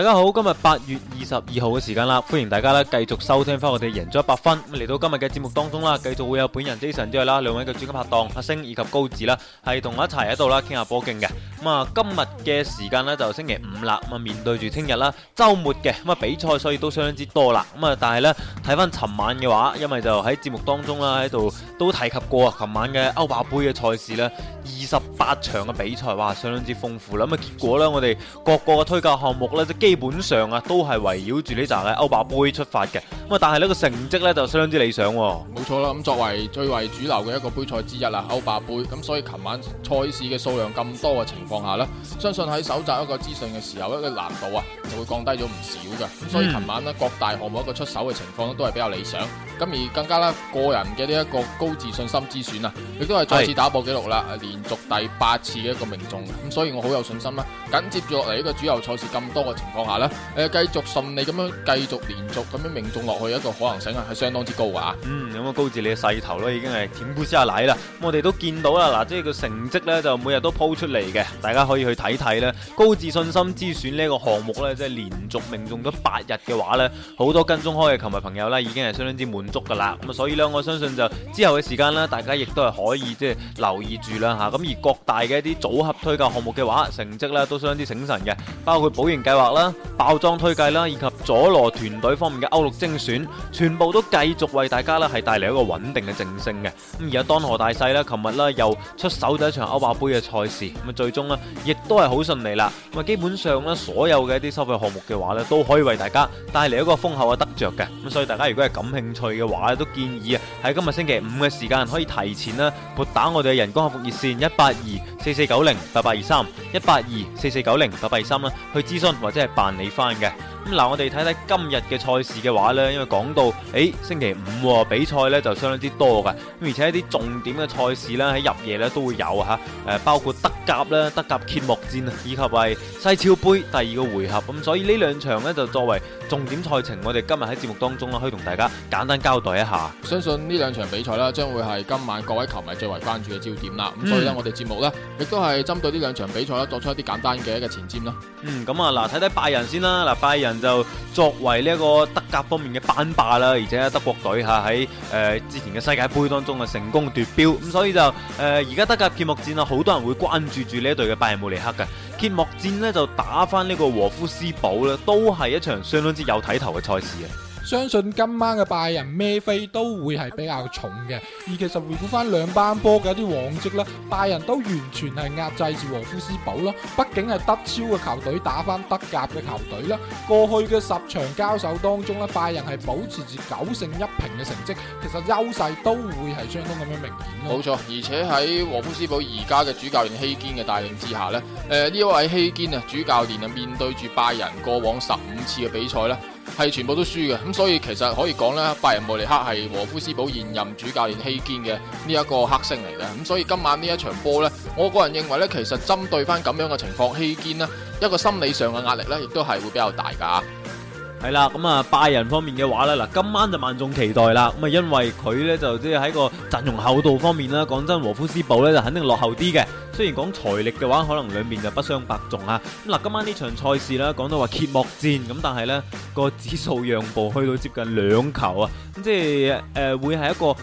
大家好，今日八月十二號嘅時間啦，歡迎大家咧繼續收聽翻我哋贏咗一百分。咁嚟到今日嘅節目當中啦，繼續會有本人 Jason 之外啦，兩位嘅最佳拍檔阿星以及高志啦，係同我一齊喺度啦傾下波經嘅。咁啊，今日嘅時間呢，就是星期五啦，咁啊面對住聽日啦周末嘅咁啊比賽，所以都相當之多啦。咁啊，但係呢，睇翻尋晚嘅話，因為就喺節目當中啦喺度都提及過，尋晚嘅歐霸盃嘅賽事呢，二十八場嘅比賽，哇，相當之豐富。咁啊，結果呢，我哋各個嘅推介項目呢，就基本上啊都係為圍繞住呢站嘅歐霸盃出發嘅，咁啊，但係呢個成績咧就相當之理想、哦。冇錯啦，咁作為最為主流嘅一個盃賽之一啦，歐霸盃，咁所以琴晚賽事嘅數量咁多嘅情況下呢，相信喺搜集一個資訊嘅時候，一個難度啊就會降低咗唔少嘅。咁所以琴晚呢，嗯、各大項目一個出手嘅情況都係比較理想。咁而更加啦，個人嘅呢一個高自信心之選啊，亦都係再次打破紀錄啦，連續第八次嘅一個命中。咁所以我好有信心啦。緊接住落嚟呢個主流賽事咁多嘅情況下呢，誒繼續順你咁樣繼續連續咁樣命中落去一個可能性啊，係相當之高啊！嗯，咁啊高智你嘅勢頭咯，已經係舔杯下奶啦。我哋都見到啦，嗱，即係個成績咧，就每日都鋪出嚟嘅，大家可以去睇睇啦，高智信心之選呢個項目咧，即係連續命中咗八日嘅話咧，好多跟蹤開嘅球迷朋友咧，已經係相當之滿足噶啦。咁所以呢，我相信就之後嘅時間咧，大家亦都係可以即係留意住啦吓。咁而各大嘅一啲組合推介項目嘅話，成績咧都相當之醒神嘅，包括保險計劃啦、包裝推介啦。及佐羅團隊方面嘅歐陸精選，全部都繼續為大家咧係帶嚟一個穩定嘅正勝嘅。咁而家當河大勢，呢琴日又出手咗一場歐霸杯嘅賽事，咁最終呢亦都係好順利啦。咁啊，基本上呢所有嘅一啲收費項目嘅話呢，都可以為大家帶嚟一個豐厚嘅得着嘅。咁所以大家如果係感興趣嘅話，都建議啊喺今日星期五嘅時間可以提前撥打我哋嘅人工客服熱線一八二四四九零八八二三一八二四四九零八八二三啦，去諮詢或者係辦理翻嘅。咁嗱，我哋睇睇今日嘅賽事嘅話咧，因為講到誒星期五比賽咧就相當之多噶，咁而且一啲重點嘅賽事咧喺入夜咧都會有吓，誒包括德甲啦，德甲揭幕戰啊，以及係西超杯第二個回合咁，所以呢兩場咧就作為重點賽程，我哋今日喺節目當中咧可以同大家簡單交代一下。相信呢兩場比賽啦，將會係今晚各位球迷最為關注嘅焦點啦。咁所以咧，我哋節目咧亦都係針對呢兩場比賽咧作出一啲簡單嘅一個前瞻啦。嗯，咁啊嗱，睇睇拜仁先啦，嗱，拜仁。就作為呢一個德甲方面嘅班霸啦，而且德國隊吓喺誒之前嘅世界杯當中啊成功奪標，咁所以就誒而家德甲揭幕戰啊，好多人會關注住呢一隊嘅拜仁慕尼黑嘅揭幕戰呢，就打返呢個和夫斯堡啦，都係一場相當之有睇頭嘅賽事啊！相信今晚嘅拜仁咩飛都會係比較重嘅，而其實回顧翻兩班波嘅一啲往績啦，拜仁都完全係壓制住沃夫斯堡啦，畢竟係德超嘅球隊打翻德甲嘅球隊啦。過去嘅十場交手當中啦，拜仁係保持住九勝一平嘅成績，其實優勢都會係相當咁樣明顯。冇錯，而且喺沃夫斯堡而家嘅主教練希堅嘅帶領之下咧，誒、呃、呢位希堅啊主教練啊面對住拜仁過往十五次嘅比賽咧。係全部都輸嘅，咁所以其實可以講咧，拜仁慕尼黑係和夫斯堡現任主教練希堅嘅呢一個黑星嚟嘅，咁所以今晚呢一場波咧，我個人認為咧，其實針對翻咁樣嘅情況，希堅呢，一個心理上嘅壓力咧，亦都係會比較大噶。係、嗯、啦，咁啊拜仁方面嘅話呢，嗱今晚就萬眾期待啦。咁啊因為佢呢，就即係喺個陣容厚度方面啦，講真，禾夫斯堡呢，就肯定落後啲嘅。雖然講財力嘅話，可能兩邊就不相伯仲啊。咁嗱今晚呢場賽事啦，講到話揭幕戰，咁但係呢個指數讓步去到接近兩球啊，即係誒、呃、會係一個。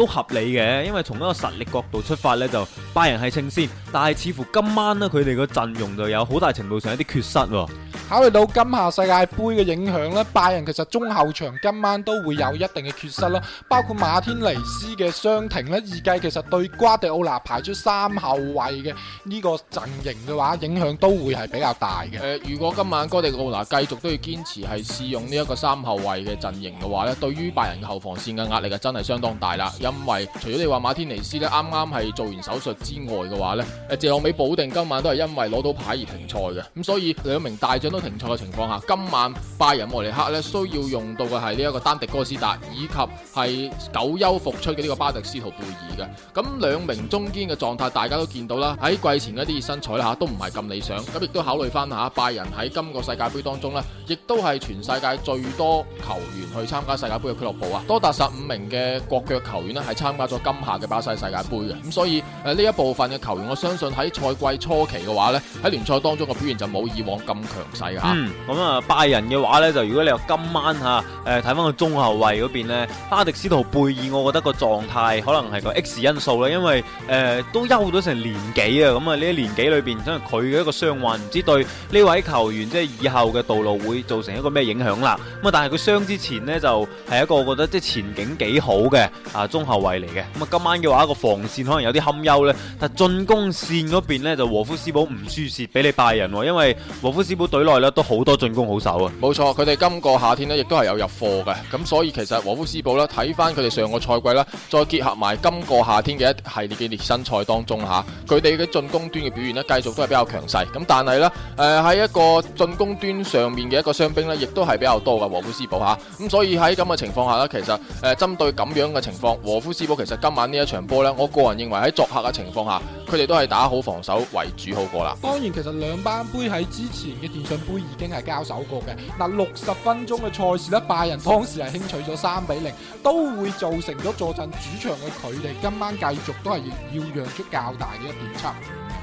都合理嘅，因為從一個實力角度出發咧，就拜仁係稱先，但係似乎今晚咧佢哋個陣容就有好大程度上一啲缺失。哦，考慮到今夏世界杯嘅影響咧，拜仁其實中後場今晚都會有一定嘅缺失啦，包括馬天尼斯嘅傷停咧，預計其實對瓜迪奧拿排出三後衛嘅呢個陣營嘅話，影響都會係比較大嘅。誒、呃，如果今晚瓜迪奧拿繼續都要堅持係試用呢一個三後衛嘅陣營嘅話咧，對於拜仁嘅後防線嘅壓力就真係相當大啦。因為除咗你話馬天尼斯咧啱啱係做完手術之外嘅話呢誒、謝浪美保定今晚都係因為攞到牌而停賽嘅，咁所以兩名大將都停賽嘅情況下，今晚拜仁莫尼克呢需要用到嘅係呢一個丹迪哥斯達以及係久休復出嘅呢個巴迪斯圖貝爾嘅，咁兩名中堅嘅狀態大家都見到啦，喺季前嗰啲熱身賽啦吓，都唔係咁理想，咁亦都考慮翻吓拜仁喺今個世界杯當中呢，亦都係全世界最多球員去參加世界杯嘅俱樂部啊，多達十五名嘅國腳球員係參加咗今夏嘅巴西世界杯嘅，咁所以誒呢一部分嘅球員，我相信喺賽季初期嘅話，嗯嗯、話呢，喺聯賽當中嘅表現就冇以往咁強勢吓。咁啊，拜仁嘅話呢，就如果你話今晚吓誒睇翻個中後衛嗰邊呢，巴迪斯圖貝爾，我覺得個狀態可能係個 X 因素啦，因為誒、呃、都休咗成年幾啊，咁啊呢年幾裏邊，真係佢嘅一個傷患，唔知道對呢位球員即係以後嘅道路會造成一個咩影響啦。咁啊，但係佢傷之前呢，就係、是、一個我覺得即係前景幾好嘅啊後衛嚟嘅，咁啊今晚嘅話一個防線可能有啲堪憂呢。但進攻線嗰邊呢，就和夫斯堡唔輸蝕俾你拜仁喎，因為和夫斯堡隊內呢都好多進攻好手啊。冇錯，佢哋今個夏天呢亦都係有入貨嘅，咁所以其實和夫斯堡呢，睇翻佢哋上個賽季呢，再結合埋今個夏天嘅一系列嘅熱身賽當中吓，佢哋嘅進攻端嘅表現呢，繼續都係比較強勢，咁但係呢，誒喺一個進攻端上面嘅一個傷兵呢，亦都係比較多嘅和夫斯堡吓，咁所以喺咁嘅情況下呢，其實誒針對咁樣嘅情況。霍夫斯堡其實今晚呢一場波呢，我個人認為喺作客嘅情況下，佢哋都係打好防守為主好過啦。當然，其實兩班杯喺之前嘅電信杯已經係交手過嘅。嗱，六十分鐘嘅賽事呢，拜仁當時係輕取咗三比零，都會造成咗坐鎮主場嘅佢哋今晚繼續都係要讓出較大嘅一段差。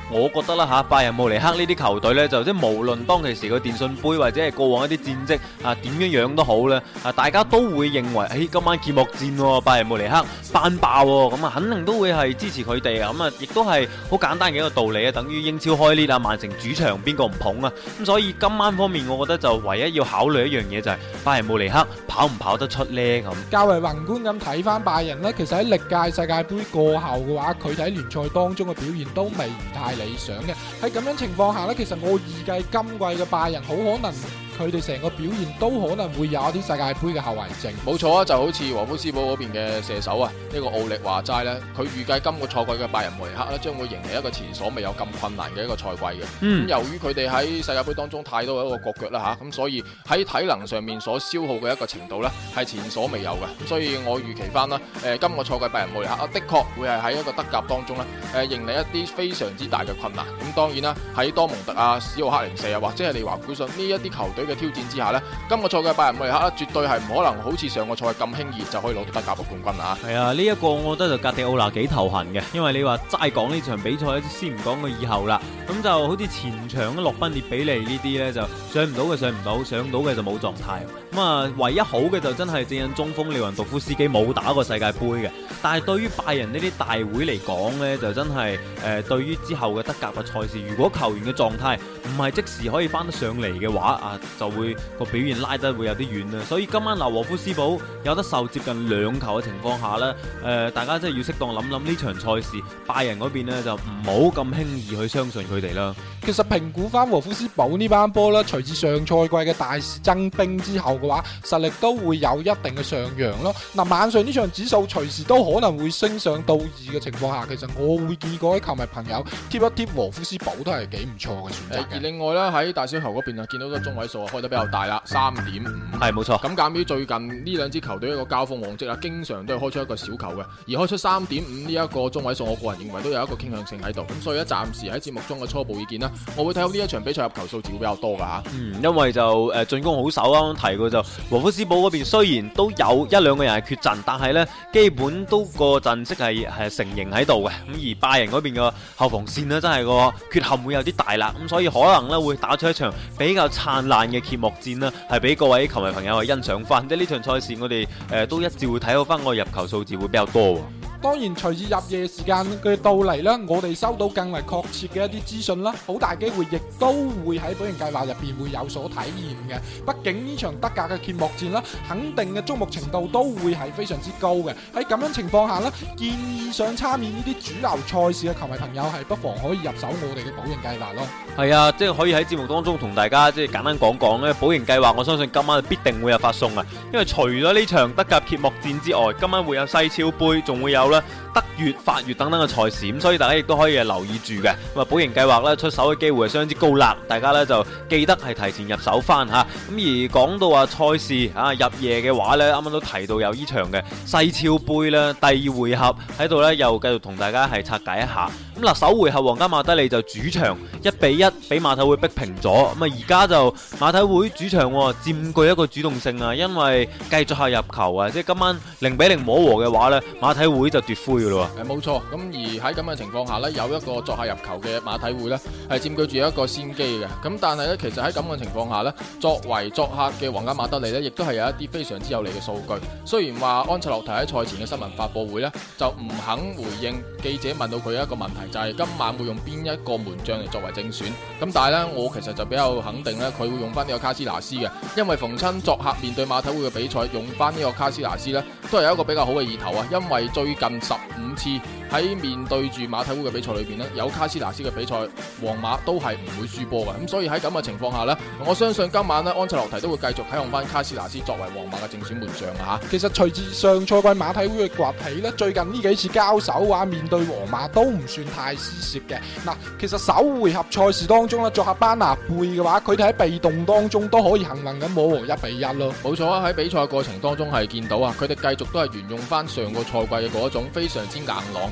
我覺得啦吓，拜仁慕尼黑呢啲球隊咧，就即係無論當其時個電信杯或者係過往一啲戰績啊，點樣樣都好咧，啊大家都會認為，誒今晚揭幕戰喎，拜仁慕尼黑班霸喎，咁啊肯定都會係支持佢哋啊，咁啊亦都係好簡單嘅一個道理啊，等於英超開呢啦，曼城主場邊個唔捧啊？咁所以今晚方面，我覺得就唯一要考慮一樣嘢就係拜仁慕尼黑跑唔跑得出咧咁。較為宏觀咁睇翻拜仁咧，其實喺歷屆世界杯過後嘅話，佢喺聯賽當中嘅表現都未太。理想嘅，喺咁樣情況下咧，其實我預計今季嘅拜仁好可能。佢哋成個表現都可能會有一啲世界盃嘅後遺症。冇錯啊，就好似禾夫斯堡嗰邊嘅射手啊，這個、呢個奧力華齋咧，佢預計今個賽季嘅拜仁慕尼黑咧，將會迎嚟一個前所未有咁困難嘅一個賽季嘅。咁、嗯、由於佢哋喺世界盃當中太多一個國腳啦吓，咁、啊、所以喺體能上面所消耗嘅一個程度咧，係前所未有嘅。所以我預期翻啦，誒、呃，今個賽季拜仁慕尼黑啊的確會係喺一個德甲當中咧，誒、啊，迎嚟一啲非常之大嘅困難。咁、啊、當然啦、啊，喺多蒙特啊、史浩克零四啊，或者係利華古信呢一啲球隊。嘅挑戰之下呢，今個賽季拜仁慕尼黑咧，絕對係唔可能好似上個賽咁輕易就可以攞到德甲嘅冠軍啦嚇。係啊，呢、這、一個我覺得就格蒂奧拿幾頭痕嘅，因為你話齋講呢場比賽先唔講佢以後啦。咁就好似前場嘅洛賓列比利呢啲呢，就上唔到嘅上唔到，上到嘅就冇狀態。咁啊，唯一好嘅就真係正印中鋒利雲道夫斯基冇打過世界盃嘅。但係對於拜仁呢啲大會嚟講呢，就真係誒、呃、對於之後嘅德甲嘅賽事，如果球員嘅狀態唔係即時可以翻得上嚟嘅話啊～就會、那個表現拉得會有啲遠啊，所以今晚嗱，和夫斯堡有得受接近兩球嘅情況下呢，誒、呃，大家真係要適當諗諗呢場賽事，拜仁嗰邊呢，就唔好咁輕易去相信佢哋啦。其實評估翻和夫斯堡這班球呢班波啦，隨住上賽季嘅大肆增兵之後嘅話，實力都會有一定嘅上揚咯。嗱、呃，晚上呢場指數隨時都可能會升上到二嘅情況下，其實我會建議各位球迷朋友貼一貼和夫斯堡都係幾唔錯嘅選擇的、哎、而另外呢，喺大小球嗰邊啊，見到個中位數。嗯開得比較大啦，三點五係冇錯。咁鑑於最近呢兩支球隊一個交鋒往績啦，經常都係開出一個小球嘅，而開出三點五呢一個中位數，我個人認為都有一個傾向性喺度。咁所以咧，暫時喺節目中嘅初步意見啦，我會睇好呢一場比賽入球數字會比較多噶吓、啊。嗯，因為就誒進攻好手啱啱提過就，禾夫斯堡嗰邊雖然都有一兩個人係缺陣，但係呢，基本都個陣式係係成形喺度嘅。咁而拜仁嗰邊嘅後防綫呢，真係個缺陷會有啲大啦。咁所以可能呢，會打出一場比較燦爛嘅。嘅揭幕戰啦，係俾各位球迷朋友去欣賞翻。即係呢場賽事，我哋誒都一致會睇好翻，我入球數字會比較多。當然，隨住入夜時間嘅到嚟咧，我哋收到更為確切嘅一啲資訊啦，好大機會亦都會喺保贏計劃入邊會有所體驗嘅。畢竟呢場德甲嘅揭幕戰啦，肯定嘅矚目程度都會係非常之高嘅。喺咁樣情況下咧，建議想參與呢啲主流賽事嘅球迷朋友係不妨可以入手我哋嘅保贏計劃咯。係啊，即係可以喺節目當中同大家即係簡單講講咧，保贏計劃我相信今晚必定會有發送啊！因為除咗呢場德甲揭幕戰之外，今晚會有西超杯，仲會有。好了。德越法越等等嘅賽事，咁所以大家亦都可以留意住嘅。咁啊，保盈計劃咧出手嘅機會係相當之高啦，大家呢就記得係提前入手翻吓。咁而講到話賽事啊，入夜嘅話呢，啱啱都提到有呢場嘅世超杯咧第二回合喺度呢，又繼續同大家係拆解一下。咁嗱，首回合皇家馬德里就主場一比一俾馬體會逼平咗，咁啊而家就馬體會主場佔據一個主動性啊，因為繼續係入球啊，即係今晚零比零摸和嘅話呢，馬體會就奪魁。係冇錯，咁而喺咁嘅情況下呢，有一個作客入球嘅馬體會呢係佔據住一個先機嘅。咁但係呢，其實喺咁嘅情況下呢，作為作客嘅皇家馬德里呢，亦都係有一啲非常之有利嘅數據。雖然話安塞洛提喺賽前嘅新聞發佈會呢，就唔肯回應記者問到佢一個問題，就係今晚會用邊一個門將嚟作為正選。咁但係呢，我其實就比較肯定呢，佢會用翻呢個卡斯拿斯嘅，因為逢親作客面對馬體會嘅比賽，用翻呢個卡斯拿斯呢，都係有一個比較好嘅意頭啊。因為最近十五次，喺面對住馬體會嘅比賽裏邊咧，有卡斯拿斯嘅比賽，皇馬都係唔會輸波嘅。咁所以喺咁嘅情況下咧，我相信今晚咧安切洛提都會繼續啟用翻卡斯拿斯作為皇馬嘅正選門將吓。其實隨住上賽季馬體會嘅崛起咧，最近呢幾次交手話、啊、面對皇馬都唔算太輸蝕嘅。嗱，其實首回合賽事當中啦，作客班拿貝嘅話，佢哋喺被動當中都可以幸運咁冇和一比一咯。冇錯啊，喺比賽的過程當中係見到啊，佢哋繼續都係沿用翻上個賽季嘅嗰種非常之硬朗。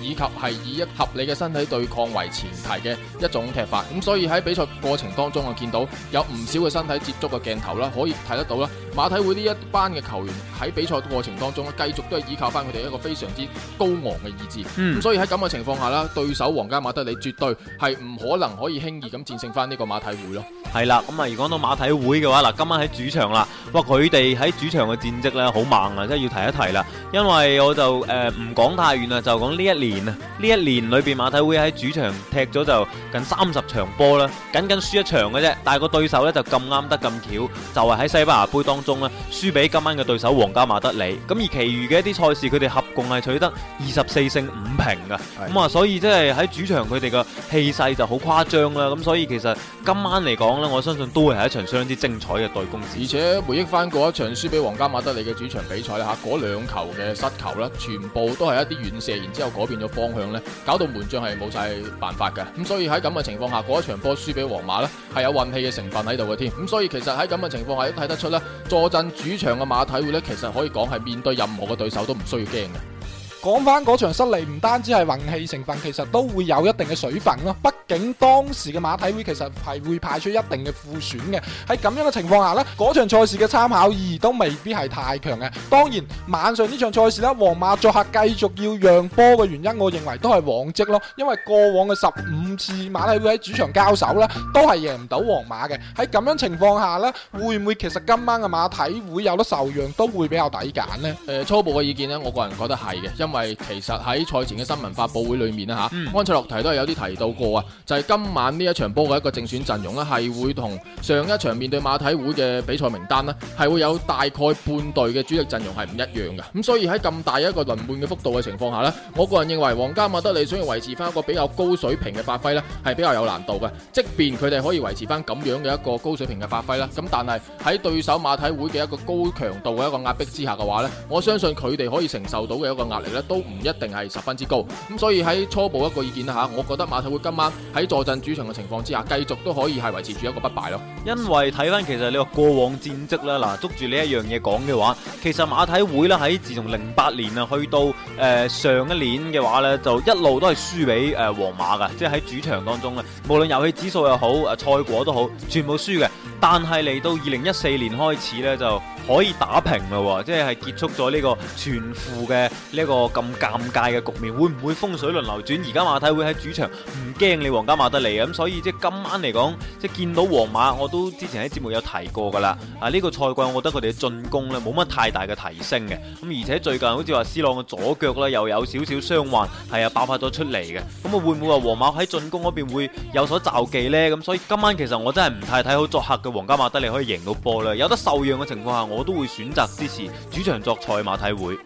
以及係以一合理嘅身體對抗為前提嘅一種踢法，咁所以喺比賽過程當中我見到有唔少嘅身體接觸嘅鏡頭啦，可以睇得到啦。馬體會呢一班嘅球員喺比賽過程當中咧，繼續都係依靠翻佢哋一個非常之高昂嘅意志。嗯，咁所以喺咁嘅情況下啦，對手皇家馬德里絕對係唔可能可以輕易咁戰勝翻呢個馬體會咯。係啦，咁啊，如果講到馬體會嘅話，嗱，今晚喺主場啦，哇，佢哋喺主場嘅戰績咧好猛啊，真係要提一提啦。因為我就誒唔講太遠啦，就講呢一年。年呢一年裏邊，馬體會喺主場踢咗就近三十場波啦，僅僅輸一場嘅啫。但係個對手呢，就咁啱得咁巧，就係喺西班牙杯當中呢，輸俾今晚嘅對手皇家馬德里。咁而其餘嘅一啲賽事，佢哋合共係取得二十四勝五平啊。咁啊，所以即係喺主場佢哋嘅氣勢就好誇張啦。咁所以其實今晚嚟講呢，我相信都會係一場相當之精彩嘅對攻。而且回憶翻嗰一場輸俾皇家馬德里嘅主場比賽啦吓，嗰兩球嘅失球呢，全部都係一啲遠射，然之後嗰邊個方向咧，搞到門將係冇晒辦法嘅。咁所以喺咁嘅情況下，嗰一場波輸俾皇馬咧，係有運氣嘅成分喺度嘅添，咁所以其實喺咁嘅情況下都睇得出咧，坐鎮主場嘅馬體會咧，其實可以講係面對任何嘅對手都唔需要驚嘅。講翻嗰場失利唔單止係運氣成分，其實都會有一定嘅水分咯。畢竟當時嘅馬體會其實係會派出一定嘅副選嘅。喺咁樣嘅情況下呢，嗰場賽事嘅參考意義都未必係太強嘅。當然晚上呢場賽事呢，皇馬作客繼續要讓波嘅原因，我認為都係往績咯。因為過往嘅十五次馬體會喺主場交手呢，都係贏唔到皇馬嘅。喺咁樣情況下呢，會唔會其實今晚嘅馬體會有得受讓，都會比較抵揀呢？誒、呃，初步嘅意見呢，我個人覺得係嘅。因為其實喺賽前嘅新聞發布會裏面咧吓、嗯，安切洛蒂都係有啲提到過啊，就係、是、今晚呢一場波嘅一個正選陣容咧，係會同上一場面對馬體會嘅比賽名單啦，係會有大概半隊嘅主力陣容係唔一樣嘅。咁所以喺咁大一個輪換嘅幅度嘅情況下咧，我個人認為皇家馬德里想要維持翻一個比較高水平嘅發揮咧，係比較有難度嘅。即便佢哋可以維持翻咁樣嘅一個高水平嘅發揮啦，咁但係喺對手馬體會嘅一個高強度嘅一個壓迫之下嘅話咧，我相信佢哋可以承受到嘅一個壓力都唔一定係十分之高，咁所以喺初步一個意見啦吓，我覺得馬體會今晚喺坐鎮主場嘅情況之下，繼續都可以係維持住一個不敗咯。因為睇翻其實你個過往戰績啦，嗱捉住呢一樣嘢講嘅話，其實馬體會咧喺自從零八年啊去到誒上一年嘅話咧，就一路都係輸俾誒皇馬噶，即係喺主場當中咧。無論遊戲指數，又好，誒賽果都好，全部輸嘅。但係嚟到二零一四年開始呢，就可以打平嘞，即係結束咗呢個全負嘅呢一個咁尷尬嘅局面。會唔會風水輪流轉？而家馬體會喺主場唔驚你皇家馬德里啊？咁所以即係今晚嚟講，即係見到皇馬，我都之前喺節目有提過噶啦。啊、這、呢個賽季，我覺得佢哋嘅進攻呢冇乜太大嘅提升嘅。咁而且最近好似話 C 朗嘅左腳呢又有少少傷患，係啊，爆發咗出嚟嘅。咁啊會唔會話皇馬喺進攻嗰邊會？有所詐忌呢。咁所以今晚其實我真係唔太睇好作客嘅皇家馬德里你可以贏到波啦。有得受讓嘅情況下，我都會選擇支持主場作賽馬體會。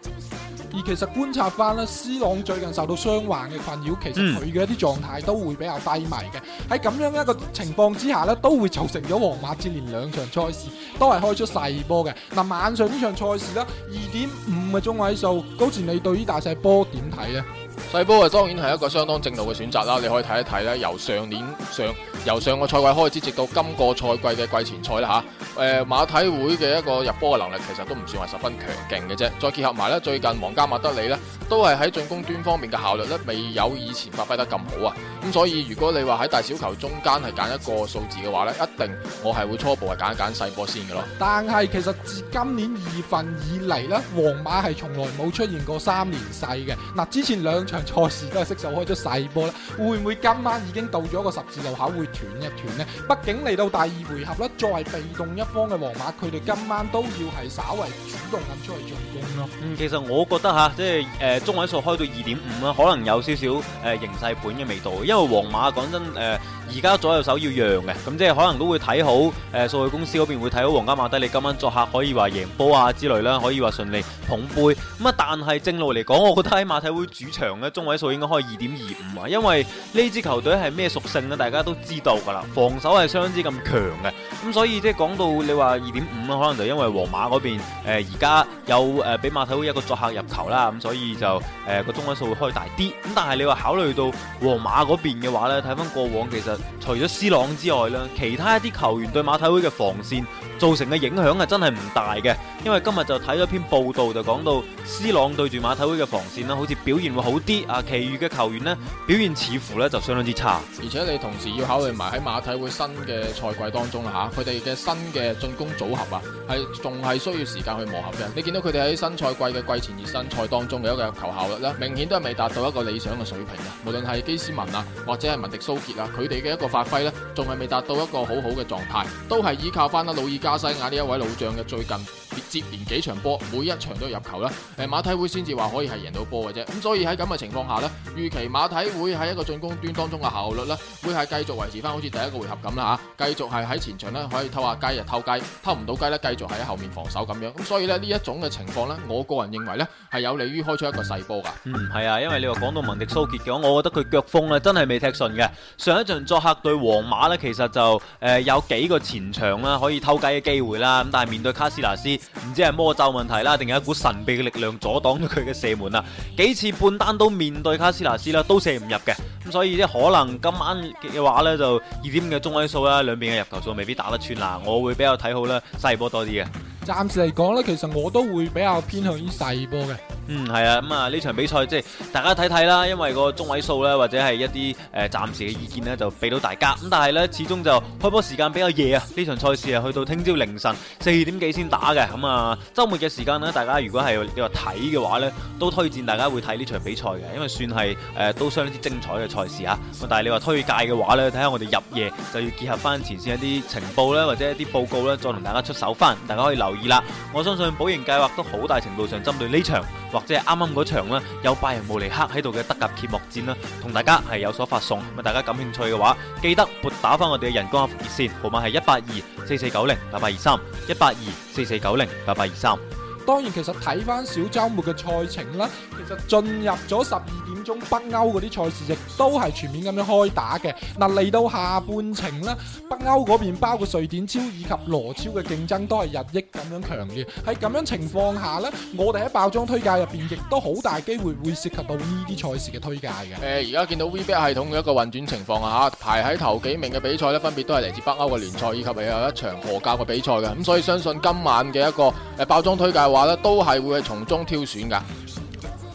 而其實觀察翻呢，C 朗最近受到傷患嘅困擾，其實佢嘅一啲狀態都會比較低迷嘅。喺、嗯、咁樣一個情況之下呢，都會造成咗皇馬之連兩場賽事都係開出細波嘅。嗱，晚上呢場賽事呢，二點五嘅中位數，高志，你對於大細波點睇呢細波啊，當然係一個相當正路嘅選擇啦！你可以睇一睇呢，由上年上。由上個賽季開始，直到今個賽季嘅季前賽咧嚇，誒馬體會嘅一個入波嘅能力其實都唔算話十分強勁嘅啫。再結合埋咧，最近皇家馬德里呢都係喺進攻端方面嘅效率咧，未有以前發揮得咁好啊。咁所以如果你話喺大小球中間係揀一個數字嘅話呢，一定我係會初步係揀一揀細波先嘅咯。但係其實自今年二月份以嚟呢，皇馬係從來冇出現過三連細嘅。嗱，之前兩場賽事都係識手開咗細波咧，會唔會今晚已經到咗個十字路口會？斷一斷咧，畢竟嚟到第二回合啦，作為被動一方嘅皇馬，佢哋今晚都要係稍為主動咁出去進攻咯、嗯。嗯，其實我覺得吓、啊，即係誒、呃、中位數開到二點五啦，可能有少少誒、呃、形勢盤嘅味道，因為皇馬講真誒。呃而家左右手要讓嘅，咁即係可能都會睇好，誒、呃、數據公司嗰邊會睇好皇家馬德里今晚作客可以話贏波啊之類啦，可以話順利捧杯。咁啊，但係正路嚟講，我覺得喺馬體會主場呢，中位數應該開二點二五啊，因為呢支球隊係咩屬性呢，大家都知道噶啦，防守係相當之咁強嘅。咁所以即係講到你話二點五啊，可能就因為皇馬嗰邊而家、呃、有誒俾、呃、馬體會一個作客入球啦，咁所以就誒個、呃、中位數會開大啲。咁但係你話考慮到皇馬嗰邊嘅話呢，睇翻過往其實。除咗斯朗之外啦，其他一啲球員對馬體會嘅防線造成嘅影響係真係唔大嘅，因為今日就睇咗篇報道，就講到斯朗對住馬體會嘅防線啦，好似表現會好啲，啊，其餘嘅球員咧表現似乎咧就相當之差。而且你同時要考慮埋喺馬體會新嘅賽季當中啦，吓、啊，佢哋嘅新嘅進攻組合啊，係仲係需要時間去磨合嘅。你見到佢哋喺新賽季嘅季前熱身賽當中嘅一個入球效率啦，明顯都係未達到一個理想嘅水平啊，無論係基斯文啊，或者係文迪蘇杰啊，佢哋。嘅一個發揮咧，仲係未達到一個好好嘅狀態，都係依靠翻阿魯爾加西亞呢一位老將嘅最近。接連幾場波，每一場都入球啦，誒馬體會先至話可以係贏到波嘅啫，咁所以喺咁嘅情況下呢，預期馬體會喺一個進攻端當中嘅效率啦，會係繼續維持翻好似第一個回合咁啦吓，繼續係喺前場咧可以偷下雞啊，偷雞，偷唔到雞呢，繼續係喺後面防守咁樣，咁所以呢，呢一種嘅情況呢，我個人認為呢係有利於開出一個細波噶。嗯係啊，因為你話講到文迪蘇杰嘅話，我我覺得佢腳風咧真係未踢順嘅，上一仗作客對皇馬呢，其實就誒、呃、有幾個前場啦可以偷雞嘅機會啦，咁但係面對卡斯納斯。唔知係魔咒問題啦，定係一股神秘嘅力量阻擋咗佢嘅射門啊！幾次半單都面對卡斯納斯啦，都射唔入嘅。咁所以呢，可能今晚嘅話呢，就二點五嘅中位數啦，兩邊嘅入球數未必打得穿啦。我會比較睇好呢細波多啲嘅。暫時嚟講呢，其實我都會比較偏向於細波嘅。嗯，係啊，咁啊呢場比賽即係大家睇睇啦，因為個中位數呢，或者係一啲誒暫時嘅意見呢，就俾到大家。咁但係呢，始終就開波時間比較夜啊，呢場賽事啊，去到聽朝凌晨四點幾先打嘅。咁、嗯、啊，周末嘅時間呢，大家如果係你話睇嘅話呢，都推薦大家會睇呢場比賽嘅，因為算係誒、呃、都相當之精彩嘅賽事吓。咁但係你話推介嘅話呢，睇下我哋入夜就要結合翻前線一啲情報啦，或者一啲報告啦，再同大家出手翻，大家可以留意啦。我相信保營計劃都好大程度上針對呢場。或者係啱啱嗰場呢，有拜仁慕尼黑喺度嘅德甲揭幕戰啦，同大家係有所發送，咁大家感興趣嘅話，記得撥打翻我哋嘅人工熱線，號碼係一八二四四九零八八二三，一八二四四九零八八二三。當然，其實睇翻小周末嘅賽程啦，其實進入咗十二點鐘北歐嗰啲賽事，亦都係全面咁樣開打嘅。嗱，嚟到下半程啦，北歐嗰邊包括瑞典超以及挪超嘅競爭都係日益咁樣強烈。喺咁樣情況下咧，我哋喺爆莊推介入邊亦都好大機會會涉及到呢啲賽事嘅推介嘅。誒、呃，而家見到 Vbet 系統嘅一個運轉情況啊，排喺頭幾名嘅比賽咧，分別都係嚟自北歐嘅聯賽，以及係有一場荷甲嘅比賽嘅。咁、嗯、所以相信今晚嘅一個誒爆莊推介。話咧，都係會係從中挑選噶。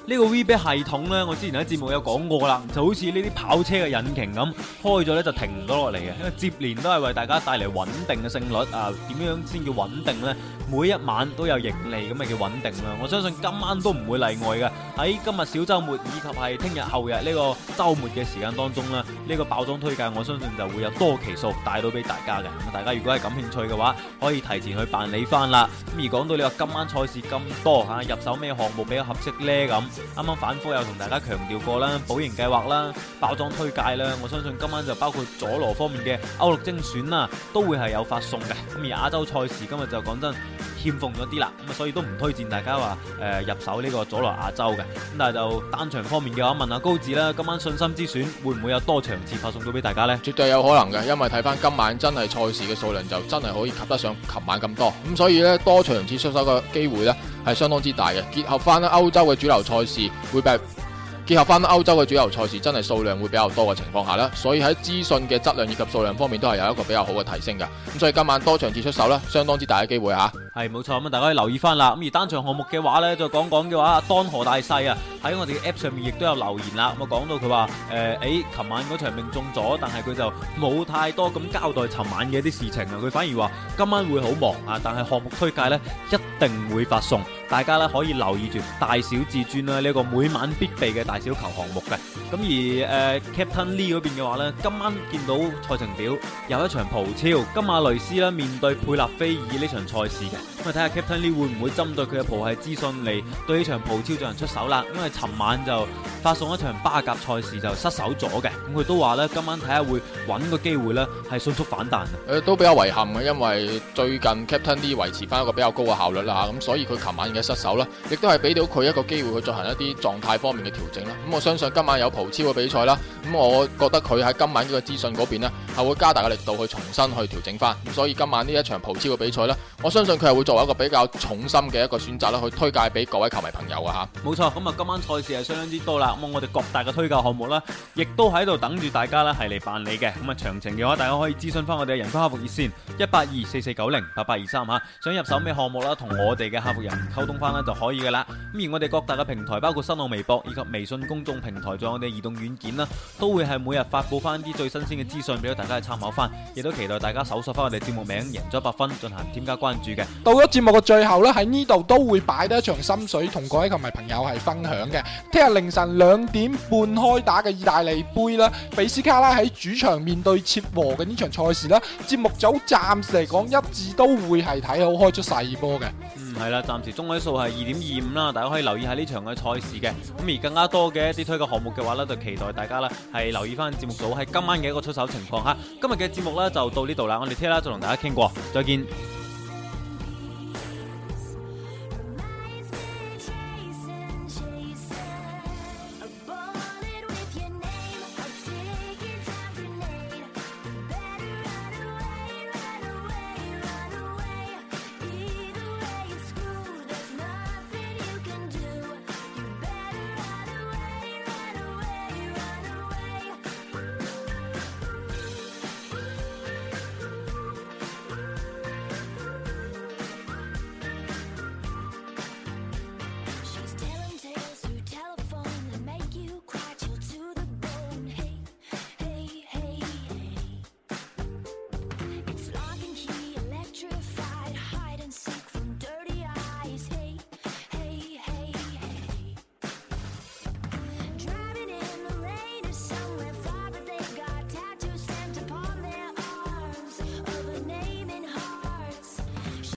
呢個 VBA 系統咧，我之前喺節目有講過啦，就好似呢啲跑車嘅引擎咁，開咗咧就停唔到落嚟嘅。因為接連都係為大家帶嚟穩定嘅勝率啊！點樣先叫穩定咧？每一晚都有盈利咁，咪叫穩定啦！我相信今晚都唔會例外嘅。喺今日小周末以及係聽日後日呢個周末嘅時間當中咧，呢個包裝推介我相信就會有多期數帶到俾大家嘅。咁大家如果係感興趣嘅話，可以提前去辦理翻啦。咁而講到你話今晚賽事咁多吓，入手咩項目比較合適咧？咁啱啱反覆，有同大家強調過啦，保營計劃啦，爆裝推介啦，我相信今晚就包括佐羅方面嘅歐陸精選啦，都會係有發送嘅。咁而亞洲賽事今日就講真。欠奉咗啲啦，咁所以都唔推薦大家話誒、呃、入手呢個佐羅亞洲嘅，咁但係就單場方面嘅話，問下高智啦，今晚信心之選會唔會有多場次發送到俾大家呢？絕對有可能嘅，因為睇翻今晚真係賽事嘅數量就真係可以及得上琴晚咁多，咁所以呢，多場次出手嘅機會呢係相當之大嘅。結合翻歐洲嘅主流賽事會比，結合翻歐洲嘅主流賽事真係數量會比較多嘅情況下呢，所以喺資訊嘅質量以及數量方面都係有一個比較好嘅提升嘅。咁所以今晚多場次出手呢，相當之大嘅機會嚇、啊。係冇錯，咁大家可以留意翻啦。咁而單場項目嘅話呢就講講嘅話，當何大勢啊，喺我哋嘅 App 上面亦都有留言啦。咁啊，講到佢話誒，誒、哎，琴晚嗰場命中咗，但係佢就冇太多咁交代琴晚嘅一啲事情啊。佢反而話今晚會好忙啊，但係項目推介呢，一定會發送。大家呢可以留意住大小至尊啦，呢個每晚必備嘅大小球項目嘅。咁而誒、呃，Captain Lee 嗰邊嘅話呢，今晚見到賽程表有一場葡超，金馬雷斯呢面對佩納菲爾呢場賽事嘅。咁睇下 Captain Lee 會唔會針對佢嘅葡系資訊嚟對呢場葡超進行出手啦？因為尋晚就發送一場巴甲賽事就失手咗嘅，咁佢都話咧，今晚睇下會揾個機會咧係迅速反彈。誒都比較遺憾嘅，因為最近 Captain Lee 維持翻一個比較高嘅效率啦，咁所以佢琴晚嘅失手啦，亦都係俾到佢一個機會去進行一啲狀態方面嘅調整啦。咁我相信今晚有葡超嘅比賽啦，咁我覺得佢喺今晚嘅資訊嗰邊呢，係會加大嘅力度去重新去調整翻。咁所以今晚呢一場葡超嘅比賽呢，我相信佢係，會作為一個比較重心嘅一個選擇啦，去推介俾各位球迷朋友啊，吓。冇錯，咁啊今晚賽事係相當之多啦，咁我哋各大嘅推介項目啦，亦都喺度等住大家呢係嚟辦理嘅。咁啊詳情嘅話，大家可以諮詢翻我哋嘅人工客服熱線一八二四四九零八八二三吓。12490, 823, 想入手咩項目啦，同我哋嘅客服人溝通翻咧就可以噶啦。咁而我哋各大嘅平台，包括新浪微博以及微信公眾平台，仲有我哋移動軟件啦，都會係每日發布翻啲最新鮮嘅資訊俾到大家去參考翻。亦都期待大家搜索翻我哋節目名贏足 100FUN 進行添加關注嘅。到咗節目嘅最後呢，喺呢度都會擺多一場心水同各位球迷朋友係分享嘅。聽日凌晨兩點半開打嘅意大利杯啦，比斯卡拉喺主場面對切沃嘅呢場賽事啦，節目組暫時嚟講一致都會係睇好開出細波嘅。嗯，係啦，暫時中位數係二點二五啦，大家可以留意下呢場嘅賽事嘅。咁而更加多嘅一啲推介項目嘅話呢，就期待大家呢係留意返節目組喺今晚嘅一個出手情況吓。今日嘅節目呢就到呢度啦，我哋聽日再同大家傾過，再見。